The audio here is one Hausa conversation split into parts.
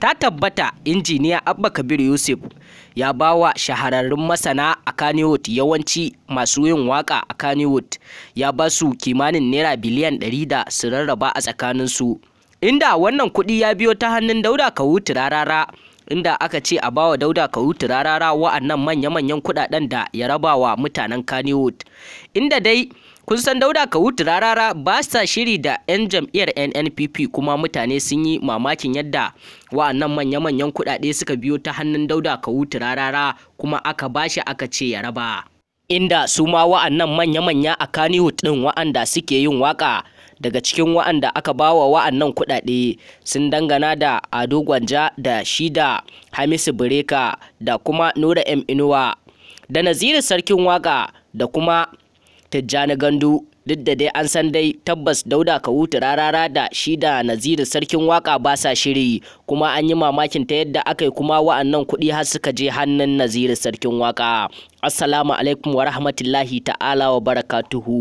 ta tabbata injiniya abba kabir yusuf ya ba wa shahararrun masana a kaniwood yawanci masu yin waka a kaniwood ya ba su kimanin naira biliyan 100 da su rarraba a tsakaninsu inda wannan kuɗi ya biyo ta hannun dauda kawu Rarara, inda aka ce a bawa dauda kawu Rarara wa'annan manya-manyan kuɗaɗen da ya raba wa mutanen kaniwood inda dai kun san dauda ka wuta rarara ba sa shiri da 'yan jam'iyyar nnpp kuma mutane sun yi mamakin yadda wa'annan manya-manyan kuɗaɗe suka biyo ta hannun dauda ka wuta rarara kuma aka bashi aka ce ya raba inda su ma wa'annan manya-manya a kanihu ɗin wa'anda suke yin waƙa, daga cikin wa'anda aka ba wa wa'annan kuɗaɗe sun dangana da ado gwanja da shida hamisu bireka da kuma nura m inuwa da naziru sarkin Waƙa da kuma tijjani gandu duk da dai an san dai tabbas dauda kawutu rarara da shi da naziru sarkin waka ba sa shiri kuma an yi mamakin ta yadda aka yi kuma wa'annan kuɗi har suka je hannun naziru sarkin waka assalamu alaikum wa rahmatullahi ta'ala wa barakatuhu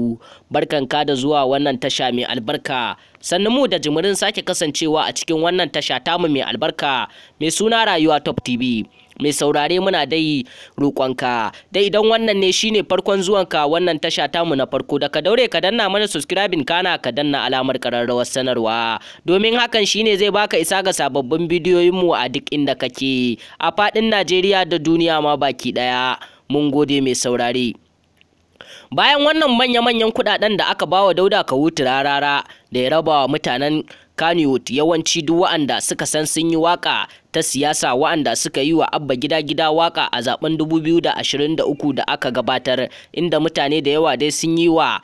barkan ka da zuwa wannan tasha mai albarka sannu mu da jimirin sake kasancewa a cikin wannan tasha tamu mai albarka mai suna rayuwa top tv mai saurare muna dai roƙonka dai idan wannan ne shine farkon zuwanka wannan tasha ta mu na farko da ka daure ka danna mana subscribing kana ka danna alamar ƙararrawar sanarwa domin hakan shine zai baka isa ga sababbin bidiyoyin mu a duk inda kake a faɗin Najeriya da duniya ma baki ɗaya mun gode mai saurare bayan wannan manya-manyan kudaden da aka bawa dauda wuti rarara da ya raba wa mutanen kaniwood yawanci duk wa'anda suka san sun yi waka ta siyasa wa'anda suka yi wa abba gida-gida waka a zaben 2023 da aka gabatar inda mutane da yawa dai sun yi wa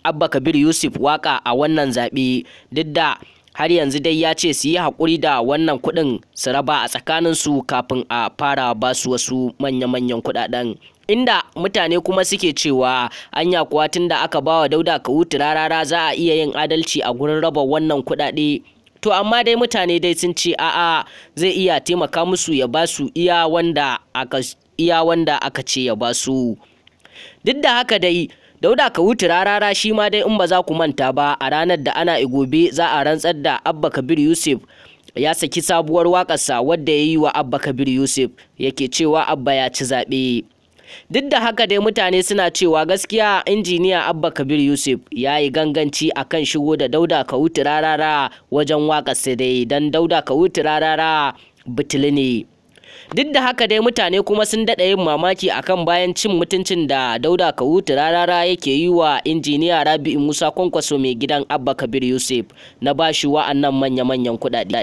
abba kabir yusuf waka a wannan zaɓe duk da har yanzu dai ya ce su yi haƙuri da wannan kuɗin su raba a tsakaninsu kafin a fara basu wasu manya-manyan kuɗaɗen inda mutane kuma suke cewa anya kuwa da aka bawa dauda ka kawutu rarara za a iya yin adalci a gurin raba wannan kuɗaɗe to amma dai mutane dai sun ce a'a zai iya taimaka musu ya basu iya iya wanda aka ce ya ba su. duk da haka dai Dauda ka wuce rarara shi ma dai in ba za ku manta ba a ranar da ana igobe za a rantsar da Abba Kabir Yusuf ya saki sabuwar waƙarsa wadda ya yi wa Abba Kabir Yusuf yake cewa Abba ya ci zaɓe. Duk da haka dai mutane suna cewa gaskiya injiniya Abba Kabir Yusuf ya yi ganganci a kan shigo da Dauda ka wuce rarara wajen wakarsa dai don Dauda ka wuce rarara bitili ne. duk da haka dai mutane kuma sun daɗa yin mamaki akan bayan cin mutuncin da dauda kawutu rarara yake yi wa injiniya rabi'u musa kwankwaso mai gidan abba kabir yusuf na bashi wa'annan manya-manyan kuɗaɗe